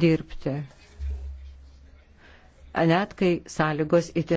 dirbti. Net kai sąlygos įtė.